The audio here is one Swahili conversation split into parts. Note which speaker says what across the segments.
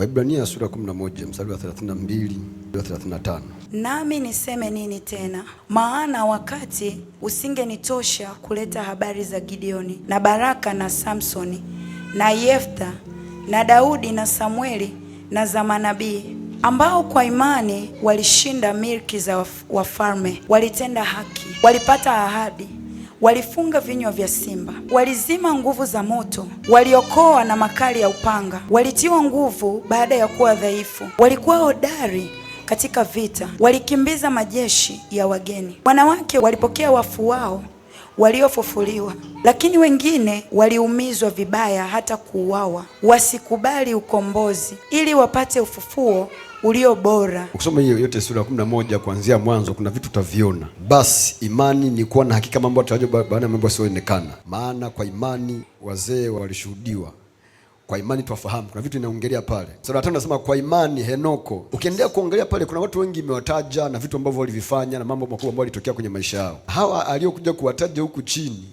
Speaker 1: Waibrania sura 11 mstari wa 32 wa 35.
Speaker 2: Nami niseme nini tena? Maana wakati usingenitosha kuleta habari za Gideoni na Baraka na Samsoni na Yefta na Daudi na Samweli na za manabii ambao kwa imani walishinda milki za wafalme, walitenda haki, walipata ahadi walifunga vinywa vya simba, walizima nguvu za moto, waliokoa na makali ya upanga, walitiwa nguvu baada ya kuwa dhaifu, walikuwa hodari katika vita, walikimbiza majeshi ya wageni. Wanawake walipokea wafu wao waliofufuliwa, lakini wengine waliumizwa vibaya hata kuuawa, wasikubali ukombozi ili wapate ufufuo ulio bora.
Speaker 1: Ukisoma hiyo yote sura ya kumi na moja kuanzia mwanzo, kuna vitu utaviona. Basi imani ni kuwa na hakika mambo yatajwa baada ya mambo yasiyoonekana, maana kwa imani wazee walishuhudiwa kwa imani twafahamu. Kuna vitu inaongelea pale sura ya tano, nasema kwa imani Henoko. Ukiendelea kuongelea pale, kuna watu wengi imewataja na vitu ambavyo walivifanya na mambo makubwa ambayo yalitokea kwenye maisha yao. Hawa aliokuja kuwataja huku chini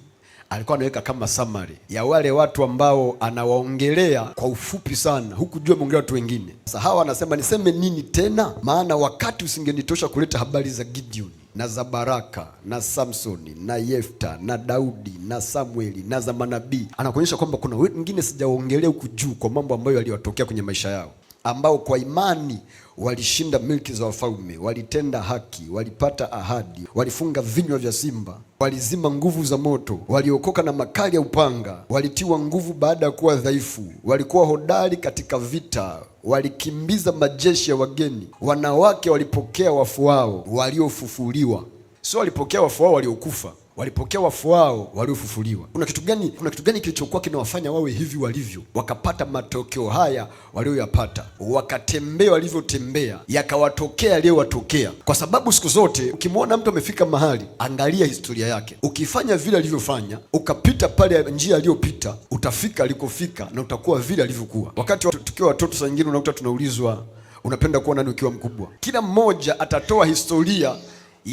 Speaker 1: alikuwa anaweka kama summary ya wale watu ambao anawaongelea kwa ufupi sana, huku jua ameongelea watu wengine. Sasa hawa anasema niseme nini tena? Maana wakati usingenitosha kuleta habari za Gideoni na za Baraka na Samsoni na Yefta na Daudi na Samueli na za manabii. Anakuonyesha kwamba kuna wengine sijawaongelea huku juu kwa mambo ambayo yaliwatokea kwenye maisha yao ambao kwa imani walishinda milki za wafalme, walitenda haki, walipata ahadi, walifunga vinywa vya simba, walizima nguvu za moto, waliokoka na makali ya upanga, walitiwa nguvu baada ya kuwa dhaifu, walikuwa hodari katika vita, walikimbiza majeshi ya wageni, wanawake walipokea wafu wao waliofufuliwa, sio walipokea wafu wao waliokufa walipokea wafu wao waliofufuliwa. Kuna kitu gani, kuna kitu gani kilichokuwa kinawafanya wawe hivi walivyo, wakapata matokeo haya walioyapata, wakatembea walivyotembea, yakawatokea yaliyowatokea? Kwa sababu siku zote ukimwona mtu amefika mahali, angalia historia yake. Ukifanya vile alivyofanya, ukapita pale njia aliyopita, utafika alikofika na utakuwa vile alivyokuwa. Wakati tukiwa watoto, saa nyingine unakuta tunaulizwa, unapenda kuwa nani ukiwa mkubwa? Kila mmoja atatoa historia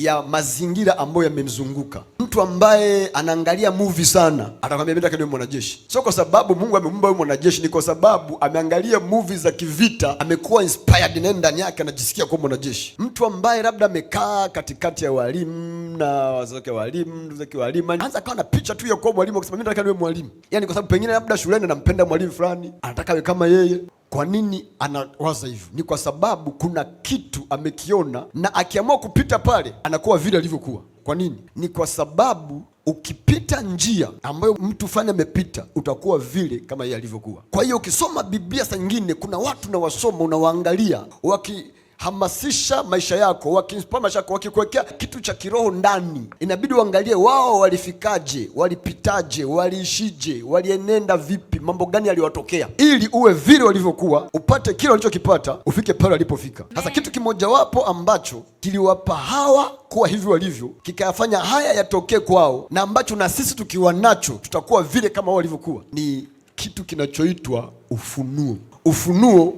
Speaker 1: ya mazingira ambayo yamemzunguka. Mtu ambaye anaangalia movie sana atakwambia mimi ndio mwanajeshi. Sio kwa sababu Mungu amemumba wewe mwanajeshi, ni kwa sababu ameangalia movie za kivita, amekuwa inspired na ndani yake anajisikia kuwa mwanajeshi. Mtu ambaye labda amekaa katikati ya walimu na wazazi wake walimu, ndugu zake walimu, anza kawa na picha tu ya kuwa mwalimu, akisema mimi nataka niwe mwalimu. Yaani kwa sababu pengine labda shuleni anampenda mwalimu fulani, anataka awe kama yeye. Kwa nini anawaza hivyo? Ni kwa sababu kuna kitu amekiona, na akiamua kupita pale anakuwa vile alivyokuwa. Kwa nini? Ni kwa sababu ukipita njia ambayo mtu fulani amepita utakuwa vile kama yeye alivyokuwa. Kwa hiyo ukisoma Biblia saa nyingine kuna watu na wasoma unawaangalia waki hamasisha maisha yako, wakinspa maisha yako, wakikuwekea kitu cha kiroho ndani, inabidi uangalie wao walifikaje, walipitaje, waliishije, walienenda vipi, mambo gani yaliwatokea, ili uwe vile walivyokuwa, upate kile walichokipata, ufike pale walipofika. Sasa kitu kimojawapo ambacho kiliwapa hawa kuwa hivi walivyo, kikayafanya haya yatokee kwao, na ambacho na sisi tukiwa nacho tutakuwa vile kama wao walivyokuwa, ni kitu kinachoitwa ufunuo. Ufunuo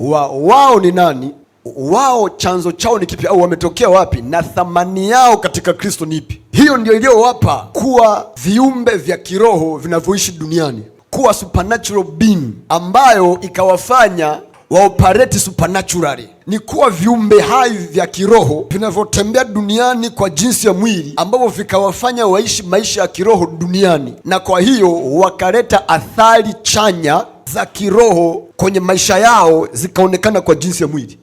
Speaker 1: wa wao ni nani wao chanzo chao ni kipi au wametokea wapi na thamani yao katika Kristo ni ipi? Hiyo ndio iliyowapa kuwa viumbe vya kiroho vinavyoishi duniani, kuwa supernatural being ambayo ikawafanya waopareti supernaturally. Ni kuwa viumbe hai vya kiroho vinavyotembea duniani kwa jinsi ya mwili, ambavyo vikawafanya waishi maisha ya kiroho duniani, na kwa hiyo wakaleta athari chanya za kiroho kwenye maisha yao, zikaonekana kwa jinsi ya mwili.